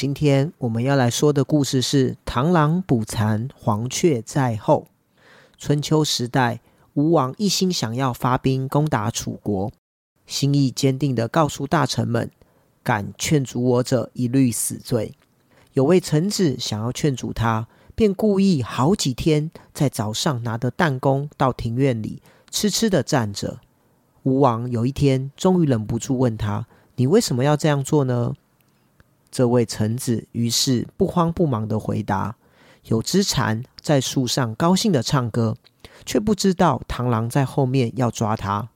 今天我們要來說的故事是《螳螂捕蟬，黃雀在後》。春秋時代，吳王一心想要發兵攻打楚國，心意堅定的告訴大臣們：“敢勸阻我者，一律死罪。”有位臣子想要勸阻他，便故意好幾天在早上拿着彈弓到庭院裡痴痴的站着。吳王有一天終於忍不住問他：“你為什麼要這樣做呢？”這位臣子於是不慌不忙的回答：“有隻蟬在樹上高興的唱歌，卻不知道螳螂在後面要抓它。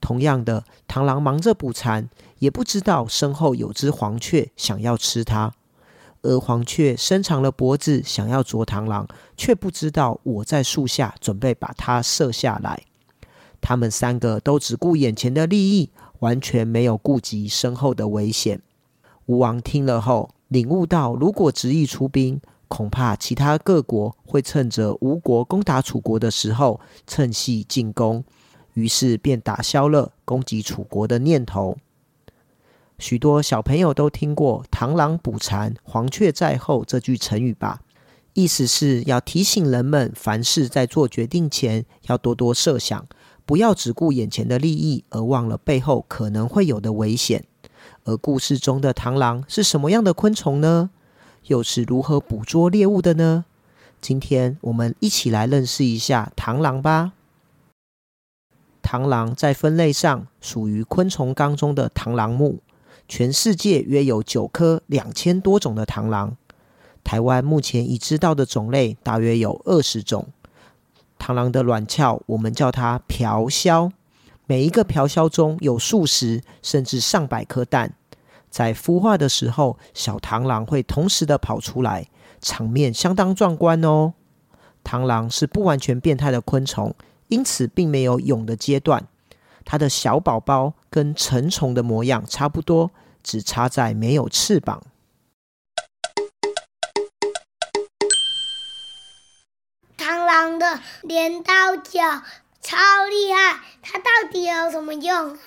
同樣的，螳螂忙着捕蟬，也不知道身後有隻黃雀想要吃它。而黃雀伸長了脖子想要啄螳螂，卻不知道我在樹下準備把它射下來。他們三個都只顧眼前的利益，完全沒有顧及身後的危險。”吳王聽了後，領悟到如果執意出兵，恐怕其他各國會趁着吳國攻打楚國的時候趁隙進攻，於是便打消了攻擊楚國的念頭。許多小朋友都聽過“螳螂捕蟬，黃雀在後”這句成語吧？意思是要提醒人們，凡事在做決定前要多多設想，不要只顧眼前的利益而忘了背後可能會有的危險。而故事中的螳螂是什麼樣的昆蟲呢？又是如何捕捉獵物的呢？今天我們一起來認識一下螳螂吧。螳螂在分類上屬於昆蟲綱中的螳螂目，全世界約有九科兩千多種的螳螂，台灣目前已知道的種類大約有二十種。螳螂的卵鞘我們叫它螵蛸。每一個螵蛸中有數十甚至上百顆蛋，在孵化的時候，小螳螂會同時的跑出來，場面相當壯觀哦。螳螂是不完全變態的昆蟲，因此並沒有蛹的階段。它的小寶寶跟成蟲的模樣差不多，只差在沒有翅膀。螳螂的鐮刀腳。超厲害！它到底有什麼用？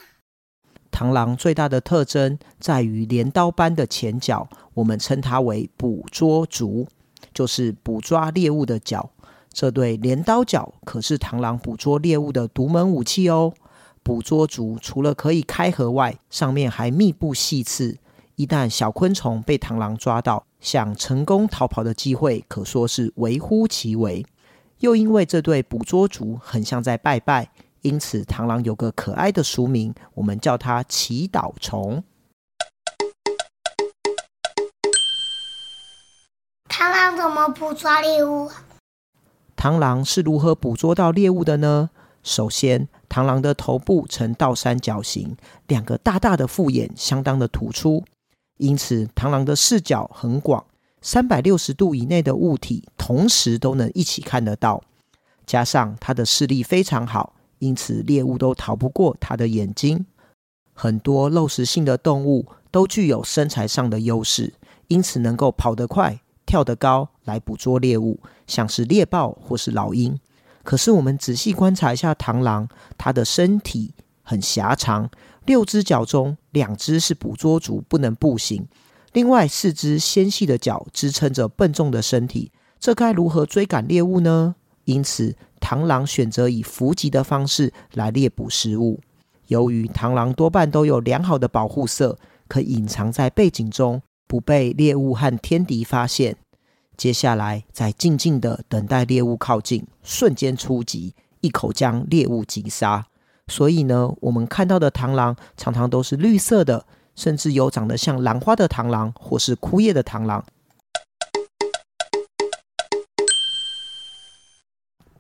螳螂最大的特徵在於鐮刀般的前腳，我們稱它為捕捉足，就是捕抓獵物的腳。這對鐮刀腳可是螳螂捕捉獵物的獨門武器哦。捕捉足除了可以開合外，上面還密佈細刺。一旦小昆蟲被螳螂抓到，想成功逃跑的機會可說是微乎其微。又因為這對捕捉足很像在拜拜，因此螳螂有個可愛的俗名，我們叫它“祈禱蟲”。螳螂怎麼捕捉獵物？螳螂是如何捕捉到獵物的呢？首先，螳螂的頭部呈倒三角形，兩個大大的複眼相當的突出，因此螳螂的視角很廣。三百六十度以內的物體，同時都能一起看得到。加上它的視力非常好，因此獵物都逃不過它的眼睛。很多肉食性的動物都具有身材上的優勢，因此能夠跑得快、跳得高來捕捉獵物，像是獵豹或是老鷹。可是我們仔細觀察一下螳螂，它的身體很狹長，六只腳中兩只是捕捉足，不能步行。另外四隻纖細的腳支撐着笨重的身體，這該如何追趕獵物呢？因此，螳螂選擇以伏擊的方式來獵捕食物。由於螳螂多半都有良好的保護色，可以隱藏在背景中，不被獵物和天敵發現。接下來，再靜靜的等待獵物靠近，瞬間出擊，一口將獵物擊殺。所以呢，我們看到的螳螂常常都是綠色的。甚至有長得像蘭花的螳螂，或是枯葉的螳螂。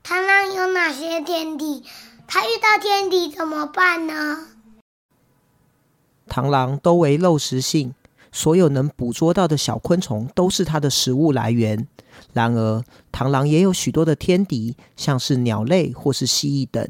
螳螂有哪些天敵？它遇到天敵怎麼辦呢？螳螂都為肉食性，所有能捕捉到的小昆蟲都是它的食物來源。然而，螳螂也有許多的天敵，像是鳥類或是蜥蜴等。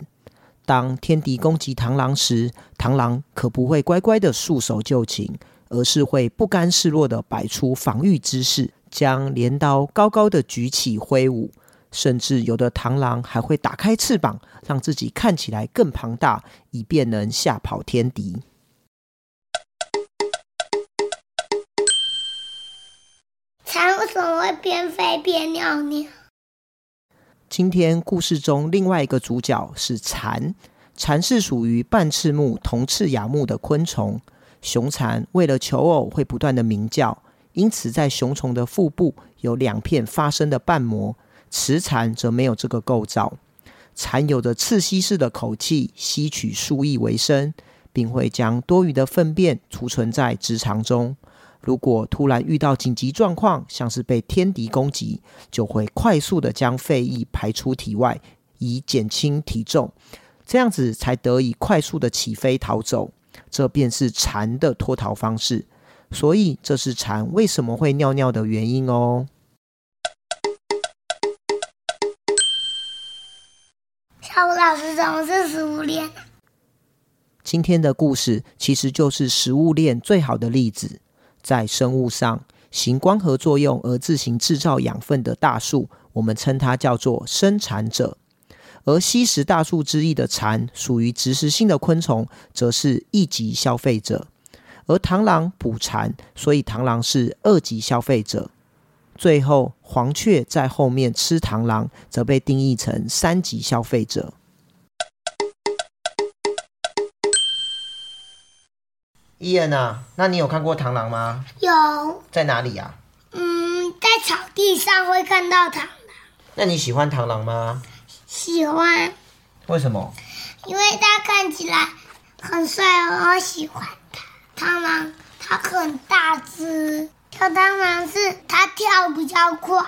當天敵攻擊螳螂時，螳螂可不會乖乖的束手就擒，而是會不甘示弱的擺出防禦姿勢，將鐮刀高高的舉起揮舞，甚至有的螳螂還會打開翅膀，讓自己看起來更龐大，以便能嚇跑天敵。蟬為什麼會邊飛邊尿尿？今天故事中另外一個主角是蟬，蟬是屬於半翅目同翅亞目的昆蟲。雄蟬為了求偶會不斷的鳴叫，因此在雄蟲的腹部有兩片發聲的瓣膜。雌蟬則沒有這個構造。蟬有着刺吸式的口器，吸取樹液為生，並會將多餘的糞便儲存在直腸中。如果突然遇到緊急狀況，像是被天敵攻擊，就會快速的將廢液排出體外，以減輕體重，這樣子才得以快速的起飛逃走。這便是蟬的脫逃方式。所以，這是蟬為什麼會尿尿的原因哦。小虎老師，怎麼是食物鏈？今天的故事其實就是食物鏈最好的例子。在生物上行光合作用而自行製造養分的大樹，我們稱它叫做生產者；而吸食大樹之葉的蟬，屬於植食性的昆蟲，則是一級消費者；而螳螂捕蟬，所以螳螂是二級消費者；最後，黃雀在後面吃螳螂，則被定義成三級消費者。伊恩啊，那你有看過螳螂嗎？有，在哪裡啊？嗯，在草地上會看到螳螂。那你喜歡螳螂嗎？喜歡。為什麼？因為它看起來很帥哦，我喜歡它。螳螂它很大隻，跳螳螂是它跳比較快。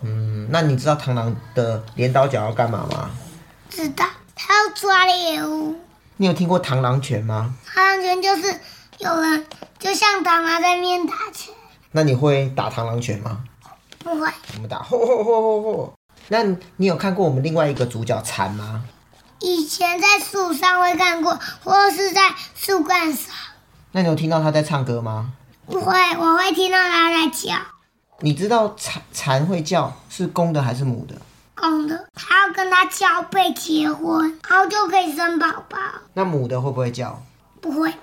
嗯，那你知道螳螂的鐮刀腳要幹嘛嗎？知道，它要抓獵物。你有聽過螳螂拳嗎？螳螂拳就是。有人就像螳螂在面打拳，那你會打螳螂拳嗎？不會。怎麼打呵呵呵呵呵？那你有看過我們另外一個主角蟬嗎？以前在樹上會干過，或者是在樹幹上。那你有聽到它在唱歌嗎？不會，我會聽到它在叫。你知道蟬蟬會叫是公的還是母的？公的，它要跟它交配結婚，然後就可以生寶寶。那母的會不會叫？不會吧。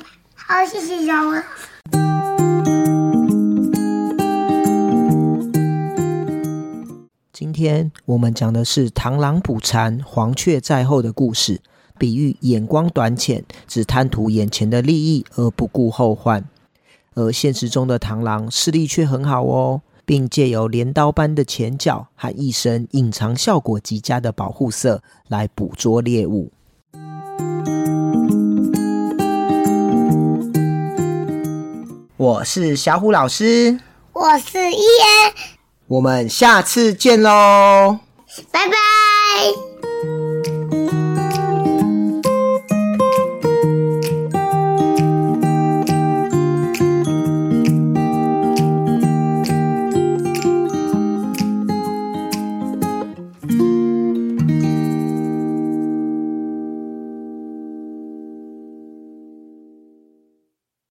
好，謝謝小文。今天我們講的是“螳螂捕蟬，黃雀在後”的故事，比喻眼光短淺，只貪圖眼前的利益而不顧後患。而現實中的螳螂視力卻很好哦，並借由鐮刀般的前腳和一身隱藏效果極佳的保護色來捕捉獵物。我是小虎老師，我是伊恩，我們下次見嘍，拜拜。